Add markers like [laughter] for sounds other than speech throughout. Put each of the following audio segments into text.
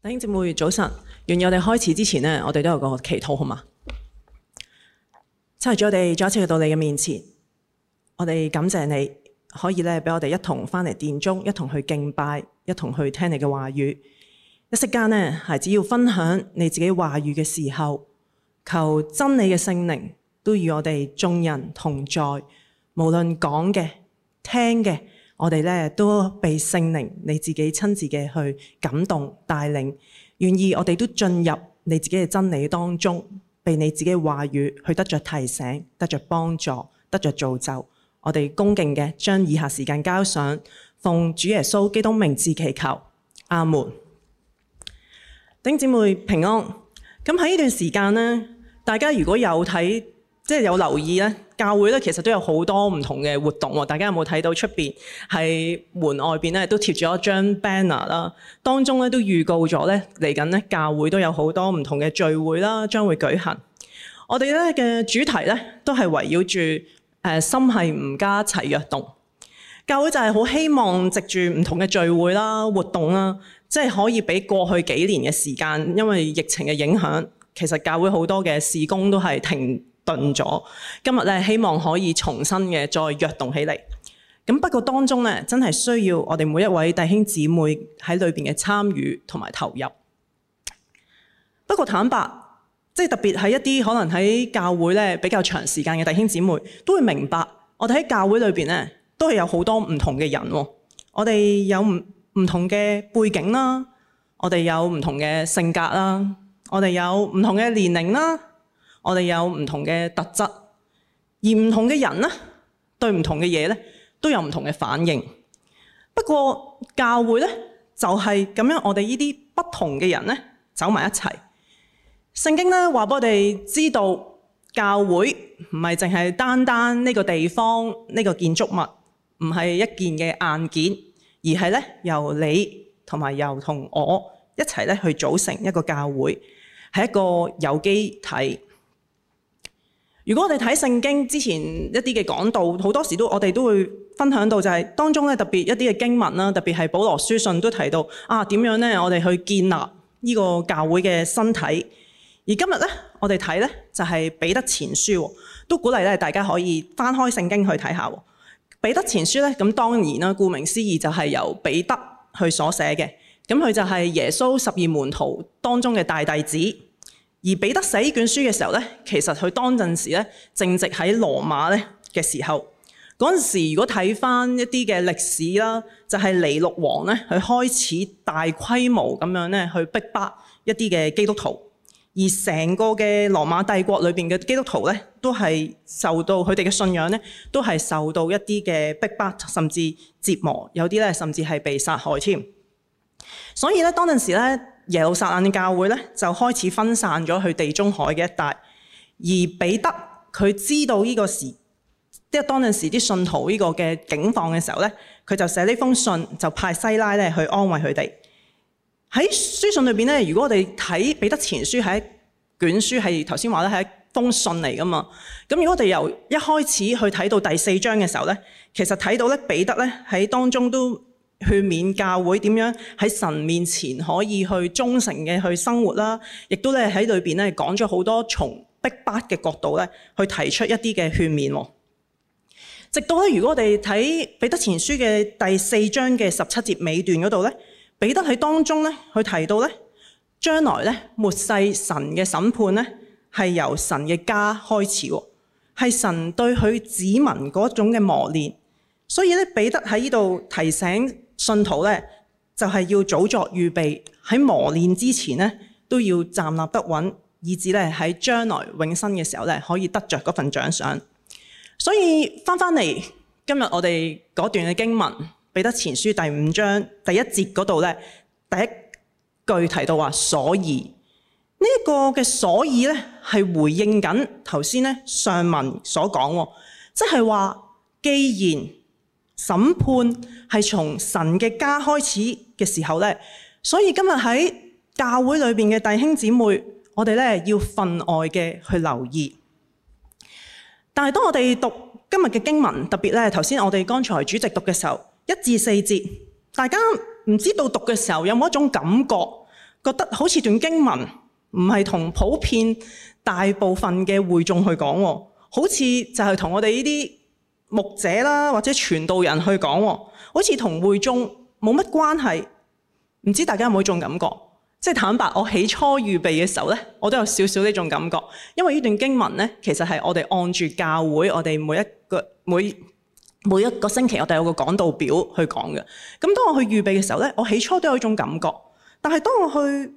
弟兄姊妹，早晨。願我哋開始之前呢，我哋都有個祈禱，好嘛？差在我哋再一次到你嘅面前，我哋感謝你可以呢俾我哋一同翻嚟殿中，一同去敬拜，一同去聽你嘅話語。一息間呢，孩子要分享你自己話語嘅時候，求真理嘅聖靈都與我哋眾人同在，無論講嘅、聽嘅。我哋呢，都被聖靈你自己親自嘅去感動帶領，願意我哋都進入你自己嘅真理當中，被你自己話語去得着提醒、得着幫助、得着造就。我哋恭敬嘅將以下時間交上，奉主耶穌基督名字祈求，阿門。頂姐妹平安。咁喺呢段時間呢，大家如果有睇。即係有留意咧，教會咧其實都有好多唔同嘅活動喎。大家有冇睇到出邊喺門外邊咧都貼咗一張 banner 啦，當中咧都預告咗咧嚟緊咧教會都有好多唔同嘅聚會啦，將會舉行。我哋咧嘅主題咧都係圍繞住誒心係唔加齊躍動。教會就係好希望藉住唔同嘅聚會啦、活動啦，即係可以比過去幾年嘅時間，因為疫情嘅影響，其實教會好多嘅事工都係停。頓咗，今日咧希望可以重新嘅再躍動起嚟。咁不過當中咧，真係需要我哋每一位弟兄姊妹喺裏邊嘅參與同埋投入。不過坦白，即係特別係一啲可能喺教會咧比較長時間嘅弟兄姊妹，都會明白我哋喺教會裏邊咧都係有好多唔同嘅人，哦。我哋有唔唔同嘅背景啦，我哋有唔同嘅性格啦，我哋有唔同嘅年齡啦。我哋有唔同嘅特質，而唔同嘅人咧，對唔同嘅嘢咧，都有唔同嘅反應。不過教會咧，就係咁樣，我哋呢啲不同嘅人咧，走埋一齊。聖經咧話俾我哋知道，教會唔係淨係單單呢個地方、呢個建築物，唔係一件嘅硬件，而係咧由你同埋由同我一齊咧去組成一個教會，係一個有機體。如果我哋睇聖經之前一啲嘅講道，好多時都我哋都會分享到，就係當中呢特別一啲嘅經文啦，特別係保羅書信都提到啊點樣呢？我哋去建立呢個教會嘅身體。而今日呢，我哋睇呢，就係彼得前書，都鼓勵大家可以翻開聖經去睇下。彼得前書呢，咁當然啦，顧名思義就係由彼得去所寫嘅。咁佢就係耶穌十二門徒當中嘅大弟子。而彼得寫呢卷書嘅時候咧，其實佢當陣時咧，正值喺羅馬咧嘅時候。嗰陣時，如果睇翻一啲嘅歷史啦，就係尼祿王咧，佢開始大規模咁樣咧，去逼迫一啲嘅基督徒。而成個嘅羅馬帝國裏邊嘅基督徒咧，都係受到佢哋嘅信仰咧，都係受到一啲嘅逼迫，甚至折磨。有啲咧，甚至係被殺害添。所以咧，當陣時咧。耶路撒冷嘅教會咧就開始分散咗去地中海嘅一帶，而彼得佢知道呢個時，即係當陣時啲信徒呢個嘅境況嘅時候咧，佢就寫呢封信，就派西拉咧去安慰佢哋。喺書信裏邊咧，如果我哋睇彼得前書係一卷書，係頭先話咧係一封信嚟㗎嘛。咁如果我哋由一開始去睇到第四章嘅時候咧，其實睇到咧彼得咧喺當中都。勸勉教會點樣喺神面前可以去忠誠嘅去生活啦，亦都咧喺裏邊咧講咗好多從逼迫嘅角度咧去提出一啲嘅勸勉喎。直到咧，如果我哋睇彼得前書嘅第四章嘅十七節尾段嗰度咧，彼得喺當中咧去提到咧，將來咧末世神嘅審判咧係由神嘅家開始喎，係神對佢子民嗰種嘅磨練，所以咧彼得喺呢度提醒。信徒咧就係要早作預備，喺磨練之前咧都要站立得穩，以至咧喺將來永生嘅時候咧可以得着嗰份獎賞。所以翻翻嚟今日我哋嗰段嘅經文，彼得前書第五章第一節嗰度咧第一句提到話，所以呢一個嘅所以咧係回應緊頭先咧上文所講，即係話既然審判。係從神嘅家開始嘅時候呢，所以今日喺教會裏面嘅弟兄姊妹，我哋呢要分外嘅去留意。但係當我哋讀今日嘅經文，特別呢頭先我哋剛才主席讀嘅時候，一至四節，大家唔知道讀嘅時候有冇一種感覺，覺得好似段經文唔係同普遍大部分嘅會眾去講，好似就係同我哋呢啲。牧者啦，或者傳道人去講，好似同會眾冇乜關係。唔知大家有冇呢種感覺？即係坦白，我起初預備嘅時候呢，我都有少少呢種感覺，因為呢段經文呢，其實係我哋按住教會我哋每一個每每一個星期，我哋有個講道表去講嘅。咁當我去預備嘅時候呢，我起初都有一種感覺，但係當我去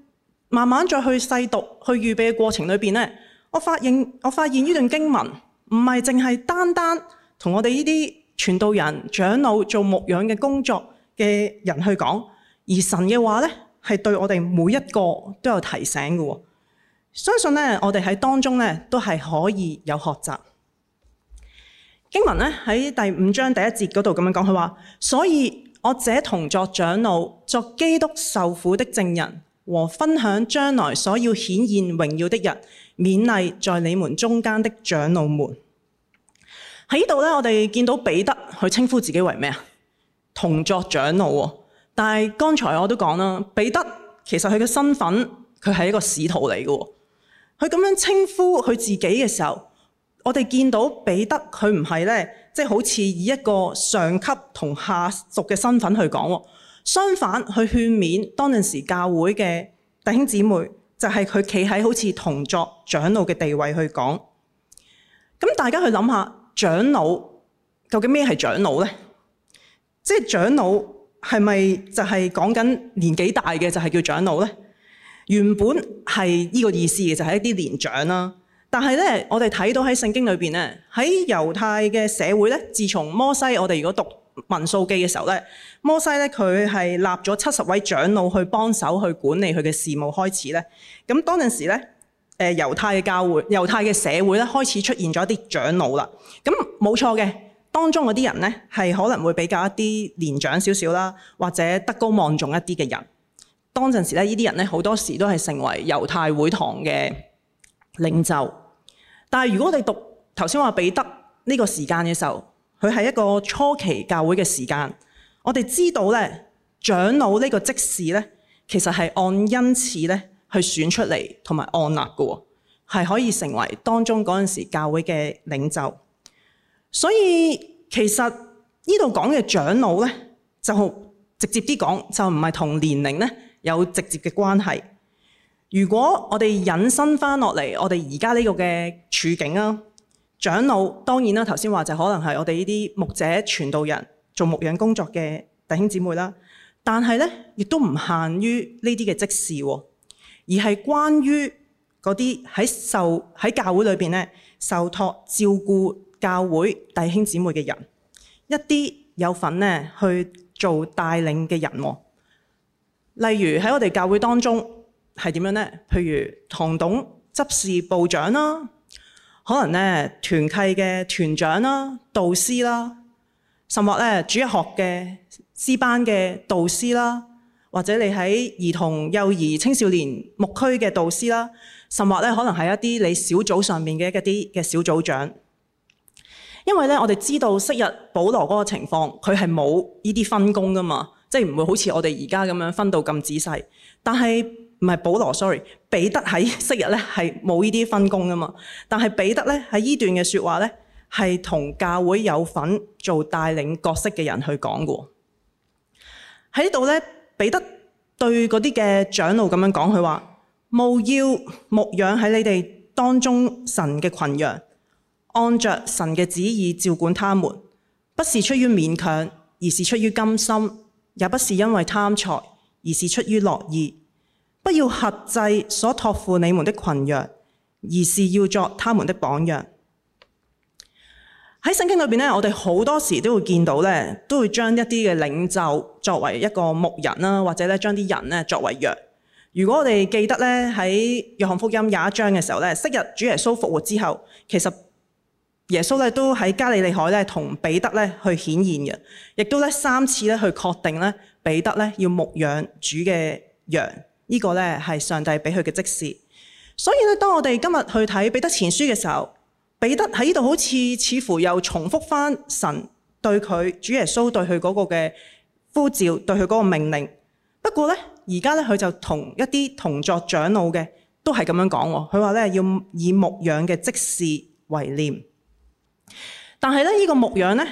慢慢再去細讀去預備嘅過程裏邊呢，我發現我發現呢段經文唔係淨係單單，同我哋呢啲傳道人、長老做牧養嘅工作嘅人去講，而神嘅話咧，係對我哋每一個都有提醒嘅。相信咧，我哋喺當中咧都係可以有學習。經文咧喺第五章第一節嗰度咁樣講，佢話：所以，我這同作長老、作基督受苦的證人和分享將來所要顯現榮耀的人，勉勵在你們中間的長老們。喺呢度咧，我哋見到彼得佢稱呼自己為咩啊？同作長老喎、哦。但係剛才我都講啦，彼得其實佢嘅身份佢係一個使徒嚟嘅、哦。佢咁樣稱呼佢自己嘅時候，我哋見到彼得佢唔係咧，即、就、係、是、好似以一個上級同下屬嘅身份去講、哦。相反，去勸勉當陣時教會嘅弟兄姊妹，就係佢企喺好似同作長老嘅地位去講。咁大家去諗下。長老，究竟咩係長老呢？即係長老係咪就係講緊年紀大嘅就係叫長老呢？原本係呢個意思嘅就係、是、一啲年長啦、啊。但係呢，我哋睇到喺聖經裏邊呢，喺猶太嘅社會呢，自從摩西，我哋如果讀民數記嘅時候呢，摩西呢，佢係立咗七十位長老去幫手去管理佢嘅事務開始呢，咁當陣時呢。誒猶太嘅教會、猶太嘅社會咧，開始出現咗一啲長老啦。咁冇錯嘅，當中嗰啲人呢，係可能會比較一啲年長少少啦，或者德高望重一啲嘅人。當陣時咧，呢啲人呢，好多時都係成為猶太會堂嘅領袖。但係如果我哋讀頭先話彼得呢個時間嘅時候，佢係一個初期教會嘅時間。我哋知道呢，長老呢個職事呢，其實係按恩賜呢，去選出嚟同埋按立嘅喎，係可以成為當中嗰陣時教會嘅領袖。所以其實呢度講嘅長老呢，就直接啲講就唔係同年齡呢有直接嘅關係。如果我哋引申翻落嚟，我哋而家呢個嘅處境啊，長老當然啦，頭先話就可能係我哋呢啲牧者傳、傳道人做牧養工作嘅弟兄姊妹啦，但係呢，亦都唔限於呢啲嘅職事喎。而係關於嗰啲喺受教會裏面受託照顧教會弟兄姊妹嘅人，一啲有份去做帶領嘅人喎、哦。例如喺我哋教會當中係點樣呢？譬如堂董、執事、部長啦，可能呢團契嘅團長啦、導師啦，甚或咧主日學嘅師班嘅導師啦。或者你喺兒童、幼兒、青少年牧區嘅導師啦，甚或咧可能係一啲你小組上面嘅一啲嘅小組長，因為咧我哋知道昔日保羅嗰個情況，佢係冇呢啲分工噶嘛，即係唔會好似我哋而家咁樣分到咁仔細。但係唔係保羅？sorry，彼得喺昔日咧係冇呢啲分工噶嘛。但係彼得咧喺呢段嘅説話咧係同教會有份做帶領角色嘅人去講嘅喎，喺度咧。彼得對嗰啲嘅長老咁樣講，佢話：務要牧養喺你哋當中神嘅群羊，按着神嘅旨意照管他們，不是出於勉強，而是出於甘心；也不是因為貪財，而是出於樂意。不要轄制所託付你們的群羊，而是要做他們的榜樣。喺聖經裏邊咧，我哋好多時都會見到咧，都會將一啲嘅領袖作為一個牧人啦，或者咧將啲人咧作為羊。如果我哋記得咧，喺約翰福音廿一章嘅時候咧，昔日主耶穌復活之後，其實耶穌咧都喺加利利海咧同彼得咧去顯現嘅，亦都咧三次咧去確定咧彼得咧要牧養主嘅羊。呢、呢個咧係上帝俾佢嘅指示。所以咧，當我哋今日去睇彼得前書嘅時候，彼得喺呢度好似似乎又重複返神對佢主耶穌對佢嗰個嘅呼召，對佢嗰個命令。不過呢，而家呢，佢就同一啲同作長老嘅都係咁樣講。佢話呢，要以牧養嘅職事為念，但係呢，依、這個牧養呢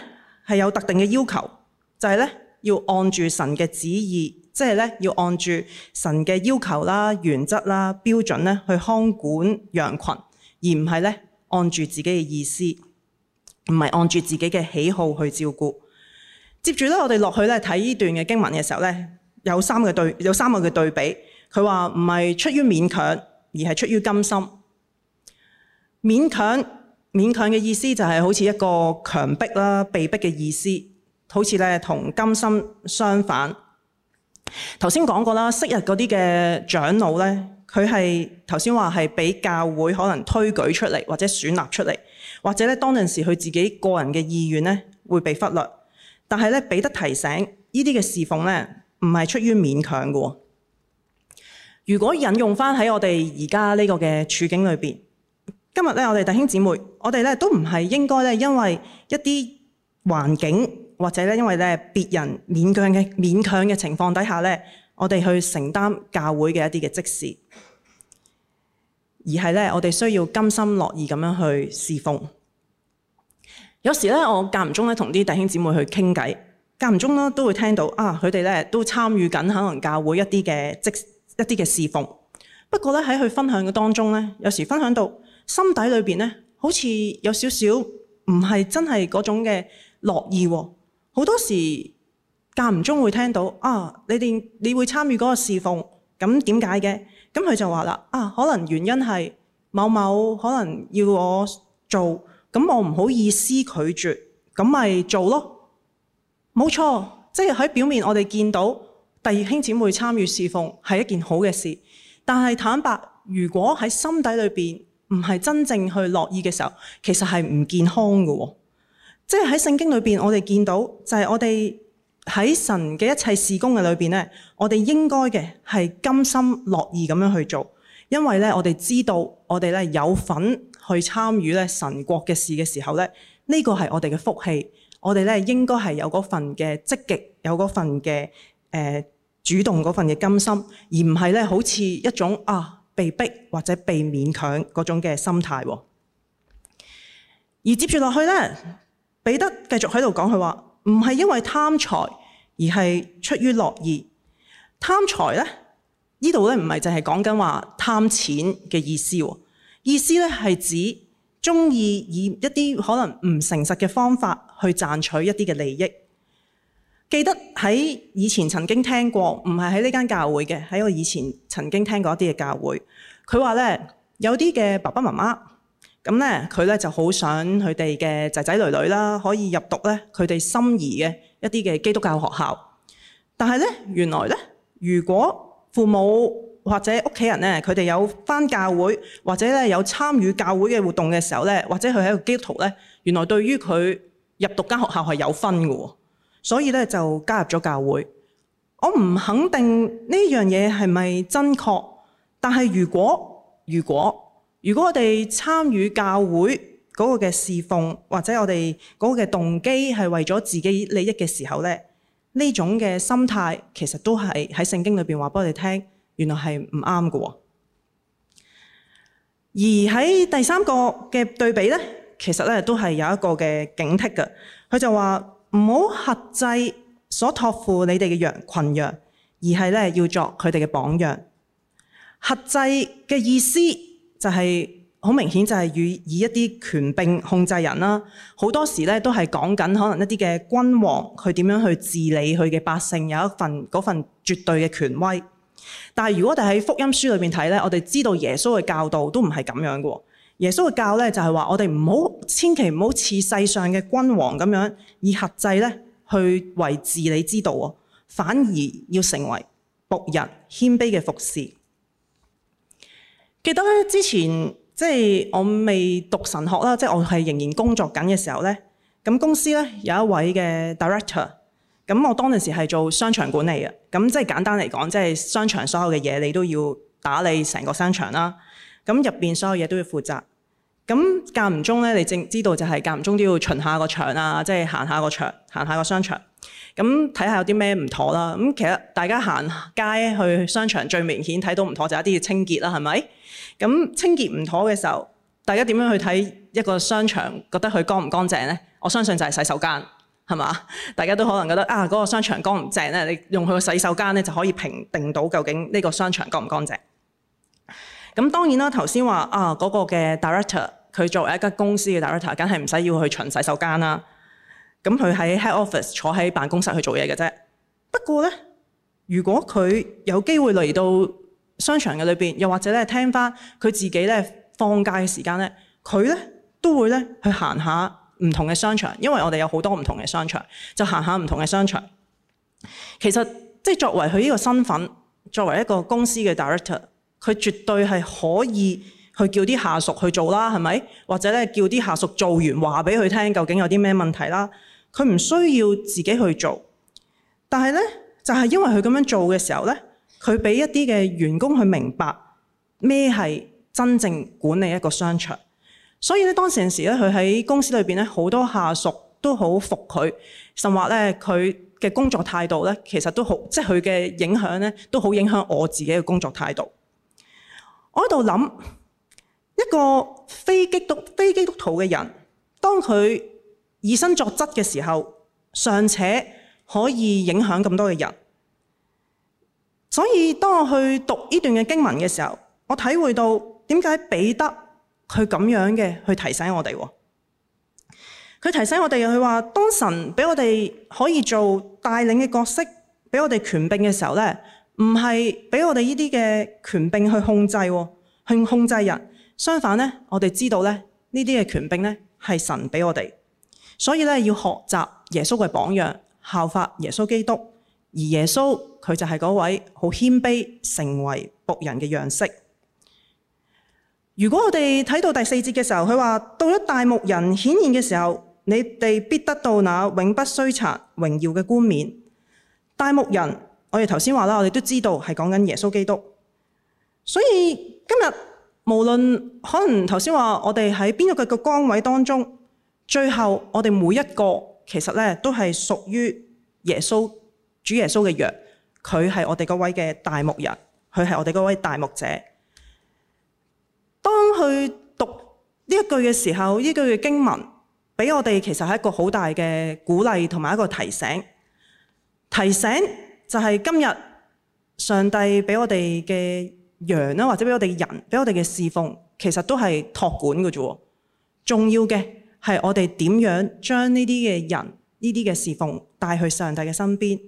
係有特定嘅要求，就係、是、呢，要按住神嘅旨意，即、就、係、是、呢，要按住神嘅要求啦、原則啦、標準呢去看管羊群，而唔係呢，按住自己嘅意思，唔係按住自己嘅喜好去照顧。接住咧，我哋落去咧睇呢段嘅經文嘅時候咧，有三個對，有三個嘅對比。佢話唔係出於勉強，而係出於甘心。勉強，勉強嘅意思就係好似一個強迫啦、被迫嘅意思，好似咧同甘心相反。頭先講過啦，昔日嗰啲嘅長老咧。佢係頭先話係俾教會可能推舉出嚟，或者選立出嚟，或者咧當陣時佢自己個人嘅意願咧會被忽略。但係咧彼得提醒，呢啲嘅侍奉咧唔係出於勉強嘅。如果引用返喺我哋而家呢個嘅處境裏邊，今日咧我哋弟兄姊妹，我哋咧都唔係應該咧，因為一啲環境或者咧因為咧別人勉強嘅勉強嘅情況底下咧。我哋去承擔教會嘅一啲嘅職事，而係咧，我哋需要甘心樂意咁樣去侍奉。有時咧，我間唔中咧，同啲弟兄姊妹去傾偈，間唔中咧都會聽到啊，佢哋咧都參與緊可能教會一啲嘅職一啲嘅侍奉。不過咧喺佢分享嘅當中咧，有時分享到心底裏邊咧，好似有少少唔係真係嗰種嘅樂意喎。好多時。間唔中會聽到啊，你哋你會參與嗰個侍奉，咁點解嘅？咁佢就話啦，啊，可能原因係某某可能要我做，咁我唔好意思拒絕，咁咪做咯。冇錯，即係喺表面我哋見到弟兄姊妹參與侍奉係一件好嘅事，但係坦白，如果喺心底裏邊唔係真正去樂意嘅時候，其實係唔健康㗎喎。即係喺聖經裏邊我哋見到就係我哋。喺神嘅一切事工嘅裏邊咧，我哋應該嘅係甘心樂意咁樣去做，因為咧我哋知道我哋咧有份去參與咧神國嘅事嘅時候咧，呢、呢個係我哋嘅福氣，我哋咧應該係有嗰份嘅積極，有嗰份嘅誒、呃、主動嗰份嘅甘心，而唔係咧好似一種啊被逼或者被勉強嗰種嘅心態。而接住落去咧，彼得繼續喺度講佢話。唔係因為貪財，而係出於樂意。貪財咧，呢度咧唔係淨係講緊話貪錢嘅意思喎，意思咧係指中意以一啲可能唔誠實嘅方法去賺取一啲嘅利益。記得喺以前曾經聽過，唔係喺呢間教會嘅，喺我以前曾經聽過一啲嘅教會。佢話咧，有啲嘅爸爸媽媽。咁咧，佢咧就好想佢哋嘅仔仔女女啦，可以入讀咧佢哋心儀嘅一啲嘅基督教學校。但係咧，原來咧，如果父母或者屋企人咧，佢哋有返教會或者咧有參與教會嘅活動嘅時候咧，或者佢係一個基督徒咧，原來對於佢入讀間學校係有分㗎喎。所以咧就加入咗教會。我唔肯定呢樣嘢係咪真確？但係如果如果，如果如果我哋參與教會嗰個嘅侍奉，或者我哋嗰個嘅動機係為咗自己利益嘅時候，呢呢種嘅心態其實都係喺聖經裏面話俾我哋聽，原來係唔啱嘅。而喺第三個嘅對比呢，其實呢都係有一個嘅警惕嘅。佢就話唔好轄制所託付你哋嘅羊群，群是羊，而係呢要作佢哋嘅榜樣。轄制嘅意思。就係、是、好明顯就是，就係以一啲權柄控制人啦。好多時咧，都係講緊可能一啲嘅君王去點樣去治理佢嘅百姓，有一份嗰份絕對嘅權威。但係如果我哋喺福音書裏面睇呢，我哋知道耶穌嘅教導都唔係咁樣嘅。耶穌嘅教呢，就係話，我哋唔好千祈唔好似世上嘅君王咁樣以轄制呢去為治理之道，反而要成為僕人，謙卑嘅服侍。記得咧之前即係我未讀神學啦，即係我係仍然工作緊嘅時候咧。咁公司咧有一位嘅 director，咁我當陣時係做商場管理嘅。咁即係簡單嚟講，即係商場所有嘅嘢你都要打理成個商場啦。咁入邊所有嘢都要負責。咁間唔中咧，你正知道就係間唔中都要巡下個場啊，即係行下個場，行下個商場。咁睇下有啲咩唔妥啦。咁其實大家行街去商場，最明顯睇到唔妥就一啲要清潔啦，係咪？咁清潔唔妥嘅時候，大家點樣去睇一個商場，覺得佢乾唔乾淨呢？我相信就係洗手間，係嘛？大家都可能覺得啊，嗰個商場乾唔淨咧，你用佢個洗手間咧就可以評定到究竟呢個商場乾唔乾淨。咁當然啦，頭先話啊，嗰個嘅 director 佢作為一間公司嘅 director，梗係唔使要去巡洗手間啦。咁佢喺 head office 坐喺辦公室去做嘢嘅啫。不過呢，如果佢有機會嚟到，商場嘅裏邊，又或者咧聽翻佢自己咧放假嘅時間咧，佢咧都會咧去行下唔同嘅商場，因為我哋有好多唔同嘅商場，就行下唔同嘅商場。其實即係作為佢呢個身份，作為一個公司嘅 director，佢絕對係可以去叫啲下屬去做啦，係咪？或者咧叫啲下屬做完話俾佢聽，究竟有啲咩問題啦？佢唔需要自己去做，但係咧就係、是、因為佢咁樣做嘅時候咧。佢俾一啲嘅員工去明白咩係真正管理一個商場，所以咧當時嗰時咧，佢喺公司裏邊咧好多下屬都好服佢，甚至話咧佢嘅工作態度咧，其實都好，即係佢嘅影響咧，都好影響我自己嘅工作態度。我喺度諗一個非基督非基督徒嘅人，當佢以身作則嘅時候，尚且可以影響咁多嘅人。所以當我去讀呢段嘅經文嘅時候，我體會到點解彼得佢咁樣嘅去提醒我哋喎？佢提醒我哋佢話：當神俾我哋可以做帶領嘅角色，俾我哋權柄嘅時候咧，唔係俾我哋呢啲嘅權柄去控制，去控制人。相反咧，我哋知道咧呢啲嘅權柄咧係神俾我哋，所以咧要學習耶穌嘅榜樣，效法耶穌基督。而耶穌佢就係嗰位好謙卑，成為僕人嘅樣式。如果我哋睇到第四節嘅時候，佢話：到咗大牧人顯現嘅時候，你哋必得到那永不衰殘榮耀嘅冠冕。大牧人，我哋頭先話啦，我哋都知道係講緊耶穌基督。所以今日無論可能頭先話我哋喺邊一個嘅崗位當中，最後我哋每一個其實咧都係屬於耶穌。主耶穌嘅羊，佢係我哋嗰位嘅大牧人，佢係我哋嗰位大牧者。當佢讀呢一句嘅時候，呢句嘅經文俾我哋其實係一個好大嘅鼓勵同埋一個提醒。提醒就係今日上帝俾我哋嘅羊啦，或者俾我哋人，俾我哋嘅侍奉，其實都係託管嘅啫。重要嘅係我哋點樣將呢啲嘅人、呢啲嘅侍奉帶去上帝嘅身邊。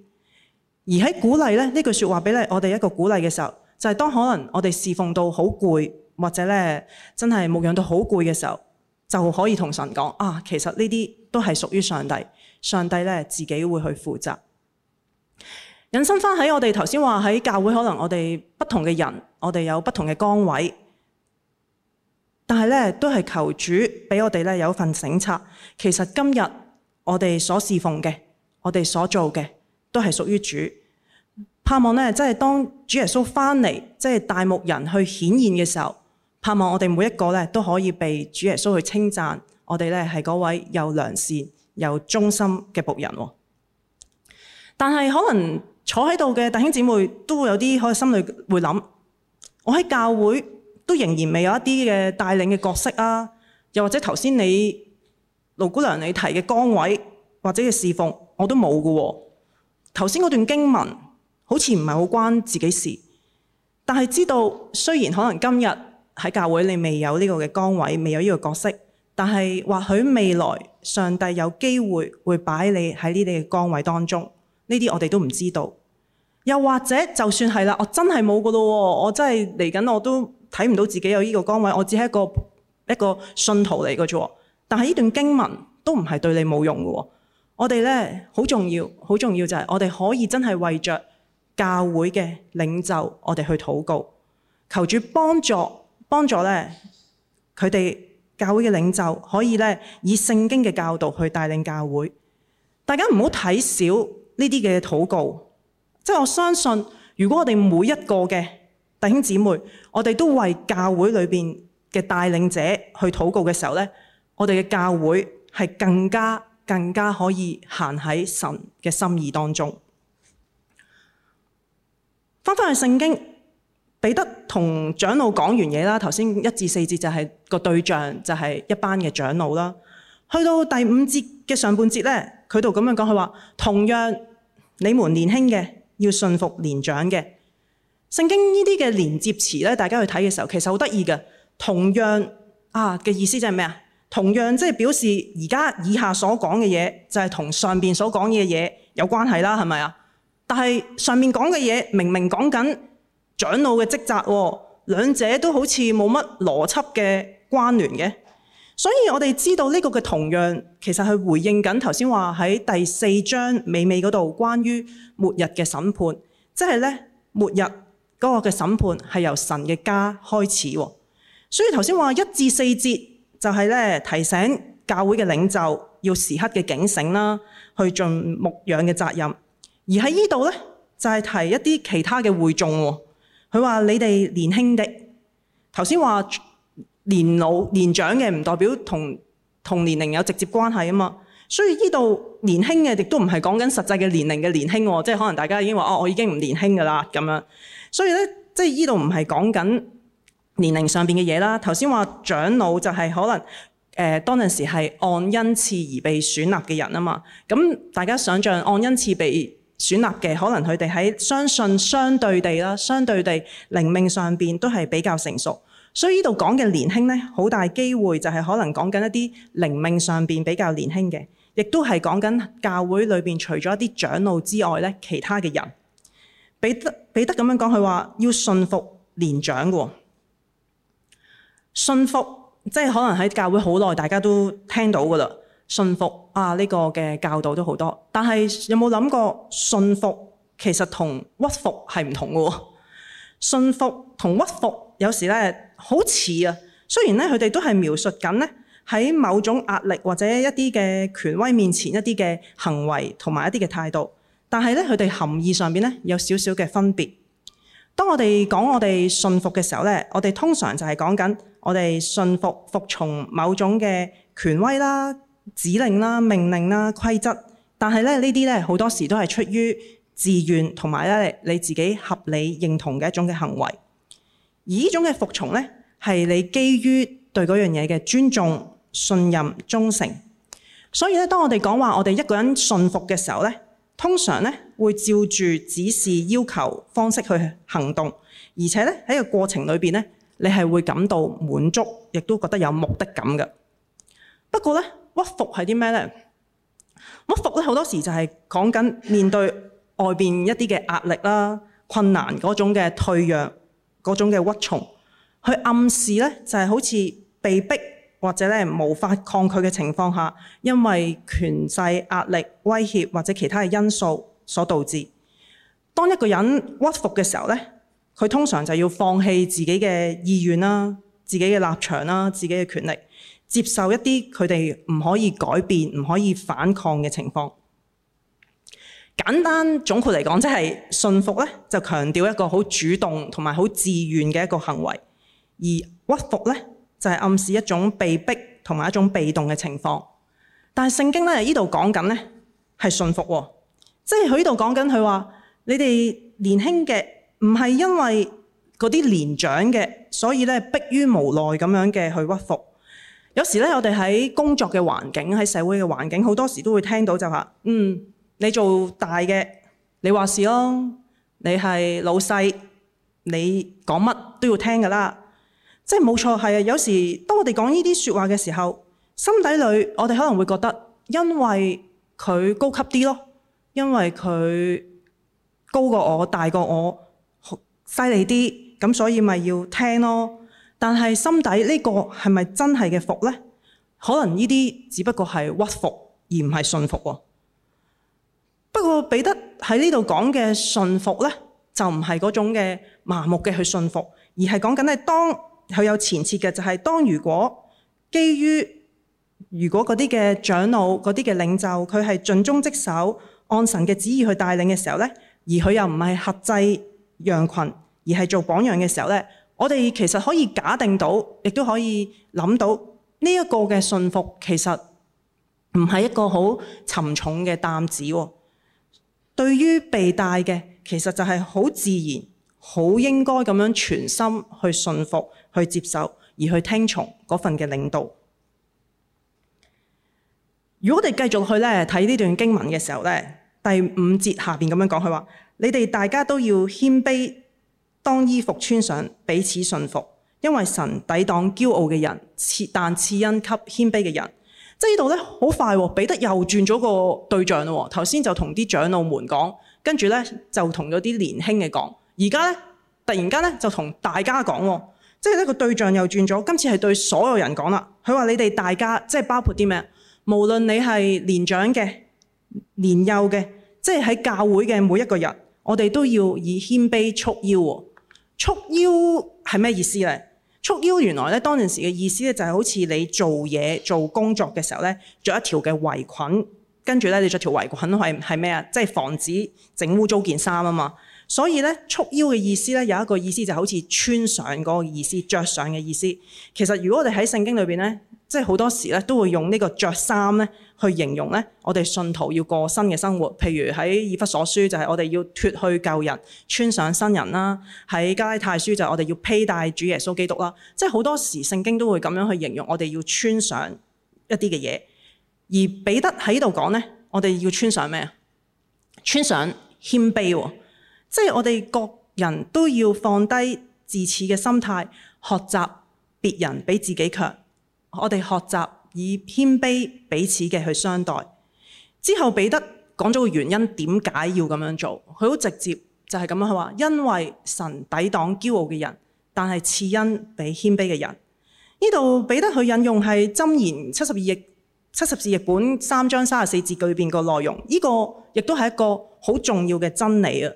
而喺鼓勵咧，呢句説話俾你我哋一個鼓勵嘅時候，就係當可能我哋侍奉到好攰，或者咧真係牧養到好攰嘅時候，就可以同神講啊，其實呢啲都係屬於上帝，上帝咧自己會去負責。引申翻喺我哋頭先話喺教會，可能我哋不同嘅人，我哋有不同嘅崗位，但係咧都係求主俾我哋咧有一份省察。其實今日我哋所侍奉嘅，我哋所做嘅，.都係屬於主，盼望咧，即係當主耶穌返嚟，即係大牧人去顯現嘅時候，盼望我哋每一個咧都可以被主耶穌去稱讚，我哋咧係嗰位又良善、又忠心嘅僕人。但係可能坐喺度嘅弟兄姐妹都會有啲喺心裏會諗，我喺教會都仍然未有一啲嘅帶領嘅角色啊，又或者頭先你盧姑娘你提嘅崗位或者嘅侍奉，我都冇㗎喎。頭先嗰段經文好似唔係好關自己事，但係知道雖然可能今日喺教會你未有呢個嘅崗位，未有呢個角色，但係或許未來上帝有機會會擺你喺呢啲嘅崗位當中。呢啲我哋都唔知道。又或者就算係喇，我真係冇㗎喇，我真係嚟緊我都睇唔到自己有呢個崗位，我只係一,一個信徒嚟㗎咋。但係呢段經文都唔係對你冇用㗎。我哋呢，好重要，好重要就係我哋可以真係為着教會嘅領袖，我哋去禱告，求主幫助，幫助呢，佢哋教會嘅領袖可以呢，以聖經嘅教導去帶領教會。大家唔好睇少呢啲嘅禱告，即我相信，如果我哋每一個嘅弟兄姊妹，我哋都為教會裏面嘅帶領者去禱告嘅時候呢，我哋嘅教會係更加。更加可以行喺神嘅心意當中。翻返去聖經，彼得同長老講完嘢啦，頭先一至四節就係個對象，就係、是、一班嘅長老啦。去到第五節嘅上半節咧，佢度咁樣講，佢話，同樣你們年輕嘅要順服年長嘅。聖經呢啲嘅連接詞咧，大家去睇嘅時候，其實好得意嘅。同樣啊嘅意思就係咩啊？同樣即係表示，而家以下所講嘅嘢就係同上面所講嘅嘢有關係啦，係咪啊？但係上面講嘅嘢明明講緊長老嘅職責，兩者都好似冇乜邏輯嘅關聯嘅，所以我哋知道呢個嘅同樣其實係回應緊頭先話喺第四章尾尾嗰度關於末日嘅審判，即係咧末日嗰個嘅審判係由神嘅家開始，所以頭先話一至四節。就係咧提醒教會嘅領袖要時刻嘅警醒啦，去盡牧養嘅責任。而喺呢度咧，就係、是、提一啲其他嘅會眾、哦。佢話：你哋年輕的，頭先話年老年長嘅唔代表同同年齡有直接關係啊嘛。所以呢度年輕嘅亦都唔係講緊實際嘅年齡嘅年輕喎、哦，即係可能大家已經話：哦，我已經唔年輕㗎啦咁樣。所以咧，即係呢度唔係講緊。年齡上邊嘅嘢啦，頭先話長老就係可能誒、呃，當陣時係按恩賜而被選立嘅人啊嘛。咁大家想象按恩賜被選立嘅，可能佢哋喺相信相對地啦，相對地靈命上邊都係比較成熟。所以呢度講嘅年輕呢，好大機會就係可能講緊一啲靈命上邊比較年輕嘅，亦都係講緊教會裏邊除咗一啲長老之外呢，其他嘅人彼得彼得咁樣講，佢話要順服年長嘅。信服即係可能喺教會好耐，大家都聽到噶啦。信服啊，呢個嘅教導都好多，但係有冇諗過信服其實同屈服係唔同嘅喎？ [laughs] 信服同屈服有時咧好似啊，雖然咧佢哋都係描述緊咧喺某種壓力或者一啲嘅權威面前一啲嘅行為同埋一啲嘅態度，但係咧佢哋含義上邊咧有少少嘅分別。當我哋講我哋信服嘅時候咧，我哋通常就係講緊。我哋順服、服從某種嘅權威啦、指令啦、命令啦、規則，但係咧呢啲咧好多時都係出於自願同埋咧你自己合理認同嘅一種嘅行為。而呢種嘅服從咧，係你基於對嗰樣嘢嘅尊重、信任、忠誠。所以咧，當我哋講話，我哋一個人順服嘅時候咧，通常咧會照住指示、要求方式去行動，而且咧喺個過程裏邊咧。你係會感到滿足，亦都覺得有目的感嘅。不過咧，屈服係啲咩咧？屈服咧好多時就係講緊面對外邊一啲嘅壓力啦、困難嗰種嘅退讓、嗰種嘅屈從，去暗示咧就係、是、好似被逼或者咧無法抗拒嘅情況下，因為權勢、壓力、威脅或者其他嘅因素所導致。當一個人屈服嘅時候咧。佢通常就要放棄自己嘅意願啦、自己嘅立場啦、自己嘅權力，接受一啲佢哋唔可以改變、唔可以反抗嘅情況。簡單總括嚟講，即係信服咧，就強調一個好主動同埋好自願嘅一個行為；而屈服咧，就係暗示一種被逼同埋一種被動嘅情況。但係聖經咧，呢度講緊咧係信服，即係佢呢度講緊佢話：你哋年輕嘅。唔係因為嗰啲年長嘅，所以咧逼於無奈咁樣嘅去屈服。有時咧，我哋喺工作嘅環境，喺社會嘅環境，好多時都會聽到就話：嗯，你做大嘅，你話事咯，你係老細，你講乜都要聽㗎啦。即係冇錯，係啊。有時當我哋講呢啲説話嘅時候，心底裏我哋可能會覺得，因為佢高級啲咯，因為佢高過我，大過我。犀利啲，咁所以咪要聽咯。但係心底呢個係咪真係嘅服呢？可能呢啲只不過係屈服，而唔係信服。不過彼得喺呢度講嘅信服呢，就唔係嗰種嘅麻木嘅去信服，而係講緊係當佢有前設嘅，就係當如果基於如果嗰啲嘅長老、嗰啲嘅領袖，佢係盡忠職守，按神嘅旨意去帶領嘅時候咧，而佢又唔係轄制羊群。而係做榜樣嘅時候咧，我哋其實可以假定到，亦都可以諗到呢一個嘅信服，其實唔係一個好沉重嘅擔子。對於被帶嘅，其實就係好自然、好應該咁樣全心去信服、去接受，而去聽從嗰份嘅領導。如果我哋繼續去咧睇呢段經文嘅時候咧，第五節下邊咁樣講，佢話：你哋大家都要謙卑。當衣服穿上，彼此順服，因為神抵擋驕傲嘅人，賜但賜恩給謙卑嘅人。即係呢度咧，好快，彼得又轉咗個對象咯。頭先就同啲長老們講，跟住咧就同咗啲年輕嘅講，而家咧突然間咧就同大家講，即係呢個對象又轉咗。今次係對所有人講啦。佢話：你哋大家，即係包括啲咩？無論你係年長嘅、年幼嘅，即係喺教會嘅每一個人，我哋都要以謙卑束腰。束腰係咩意思呢？束腰原來咧，當陣時嘅意思咧就係好似你做嘢做工作嘅時候咧，着一條嘅圍裙，跟住咧你着條圍裙係係咩啊？即係防止整污糟件衫啊嘛。所以咧，束腰嘅意思咧，有一個意思就好似穿上嗰個意思，着上嘅意思。其實如果我哋喺聖經裏邊咧。即係好多時咧，都會用呢個着衫咧去形容咧，我哋信徒要過新嘅生活。譬如喺以弗所書就係我哋要脫去舊人，穿上新人啦。喺加拉太，太書就係我哋要披戴主耶穌基督啦。即係好多時聖經都會咁樣去形容，我哋要穿上一啲嘅嘢。而彼得喺度講咧，我哋要穿上咩？穿上謙卑，即係我哋各人都要放低自恃嘅心態，學習別人比自己強。我哋學習以謙卑彼此嘅去相待。之後彼得講咗個原因，點解要咁樣做？佢好直接，就係咁樣，去話：因為神抵擋驕傲嘅人，但係賜恩俾謙卑嘅人。呢度彼得去引用係箴言七十二頁七十四譯本三章三十四節裏邊個內容。呢個亦都係一個好重要嘅真理啊！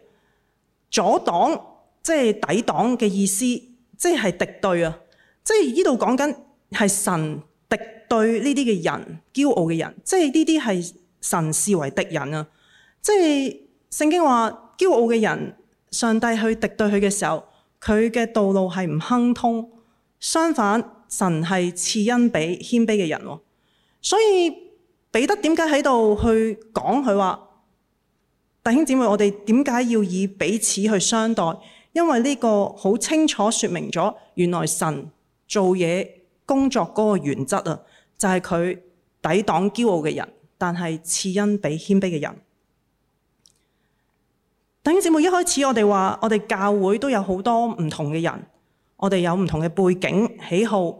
阻擋即係抵擋嘅意思，即係敵對啊！即係呢度講緊。係神敵對呢啲嘅人，驕傲嘅人，即係呢啲係神視為敵人啊！即係聖經話驕傲嘅人，上帝去敵對佢嘅時候，佢嘅道路係唔亨通。相反，神係賜恩俾謙卑嘅人啊。所以彼得點解喺度去講佢話弟兄姊妹，我哋點解要以彼此去相待？因為呢個好清楚說明咗，原來神做嘢。工作嗰個原則啊，就係佢抵擋驕傲嘅人，但係賜恩俾謙卑嘅人。弟兄姊妹，一開始我哋話，我哋教會都有好多唔同嘅人，我哋有唔同嘅背景、喜好。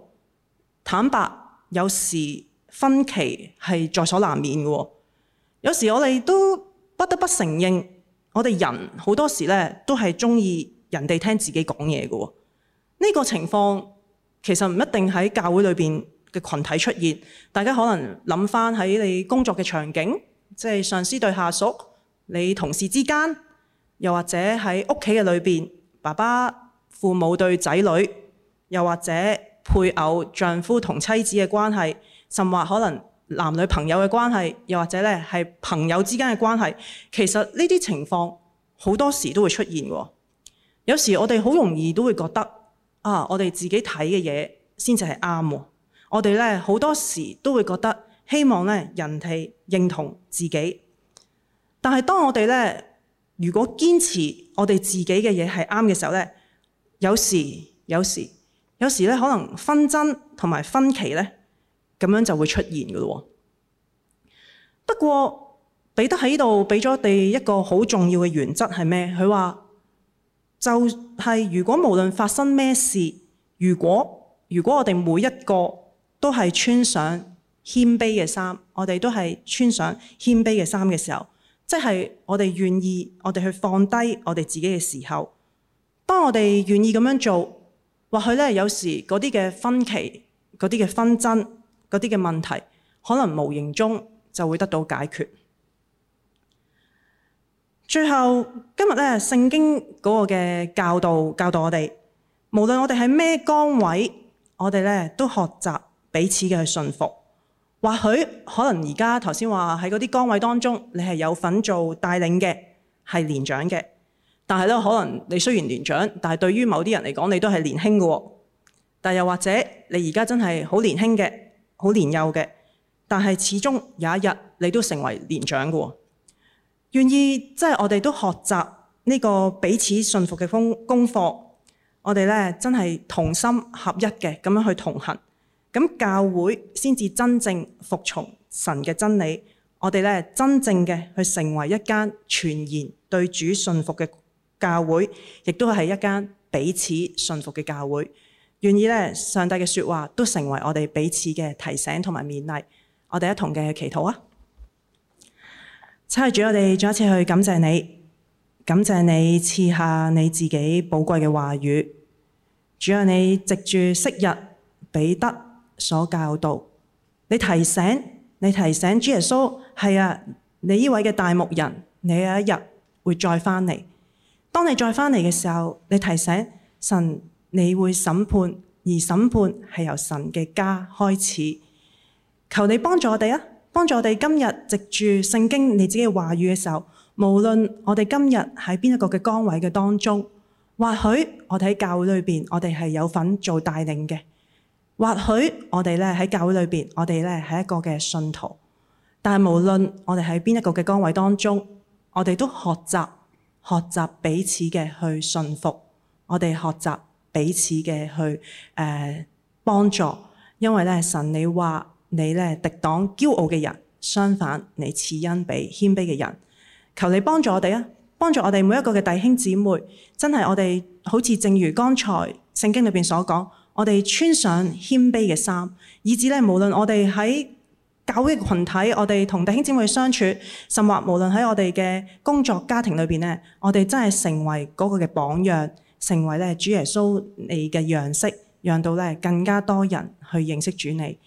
坦白，有時分歧係在所難免嘅。有時我哋都不得不承認，我哋人好多時咧都係中意人哋聽自己講嘢嘅。呢個情況，其實唔一定喺教會裏邊嘅群體出現，大家可能諗返喺你工作嘅場景，即係上司對下屬，你同事之間，又或者喺屋企嘅裏邊，爸爸、父母對仔女，又或者配偶、丈夫同妻子嘅關係，甚或可能男女朋友嘅關係，又或者咧係朋友之間嘅關係。其實呢啲情況好多時都會出現，有時我哋好容易都會覺得。啊！我哋自己睇嘅嘢先至係啱。我哋咧好多時都會覺得希望咧人哋認同自己。但係當我哋咧如果堅持我哋自己嘅嘢係啱嘅時候咧，有時有時有時咧可能紛爭同埋分歧咧，咁樣就會出現㗎咯。不過彼得喺度俾咗我哋一個好重要嘅原則係咩？佢話。就係如果無論發生咩事，如果如果我哋每一個都係穿上謙卑嘅衫，我哋都係穿上謙卑嘅衫嘅時候，即係我哋願意我哋去放低我哋自己嘅時候，當我哋願意咁樣做，或許呢有時嗰啲嘅分歧、嗰啲嘅紛爭、嗰啲嘅問題，可能無形中就會得到解決。最後今日咧，聖經嗰個嘅教導教導我哋，無論我哋係咩崗位，我哋都學習彼此嘅順服。或許可能而家頭先話喺嗰啲崗位當中，你係有份做帶領嘅，係年長嘅。但係咧，可能你雖然年長，但係對於某啲人嚟講，你都係年輕嘅。但又或者你而家真係好年輕嘅，好年幼嘅，但係始終有一日你都成為年長嘅。願意，即係我哋都學習呢個彼此順服嘅功功課。我哋呢真係同心合一嘅，咁樣去同行。咁教會先至真正服從神嘅真理。我哋呢，真正嘅去成為一間全然對主順服嘅教會，亦都係一間彼此順服嘅教會。願意呢，上帝嘅説話都成為我哋彼此嘅提醒同埋勉勵。我哋一同嘅祈禱啊！差主，我哋再一次去感謝你，感謝你賜下你自己寶貴嘅話語。主啊，你藉住昔日彼得所教導，你提醒你提醒主耶穌，係啊，你呢位嘅大牧人，你有一日會再翻嚟。當你再翻嚟嘅時候，你提醒神，你會審判，而審判係由神嘅家開始。求你幫助我哋啊！幫助我哋今日藉住聖經你自己嘅話語嘅時候，無論我哋今日喺邊一個嘅崗位嘅當中，或許我哋喺教會裏面，我哋係有份做帶領嘅。或許我哋咧喺教會裏面，我哋咧係一個嘅信徒。但係無論我哋喺邊一個嘅崗位當中，我哋都學習學習彼此嘅去順服，我哋學習彼此嘅去呃幫助，因為咧神你話。你呢抵擋驕傲嘅人，相反你賜恩俾謙卑嘅人。求你幫助我哋啊！幫助我哋每一個嘅弟兄姊妹，真係我哋好似正如剛才聖經裏面所講，我哋穿上謙卑嘅衫，以至呢，無論我哋喺教會群體，我哋同弟兄姊妹相處，甚或無論喺我哋嘅工作、家庭裏面呢，我哋真係成為嗰個嘅榜樣，成為咧主耶穌你嘅樣式，讓到咧更加多人去認識主你。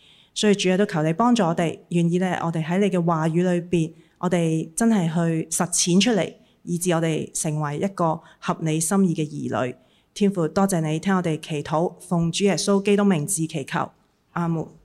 所以主耶穌都求你幫助我哋，願意咧，我哋喺你嘅話語裏邊，我哋真係去實踐出嚟，以致我哋成為一個合你心意嘅兒女。天父，多謝你聽我哋祈禱，奉主耶穌基督名字祈求，阿門。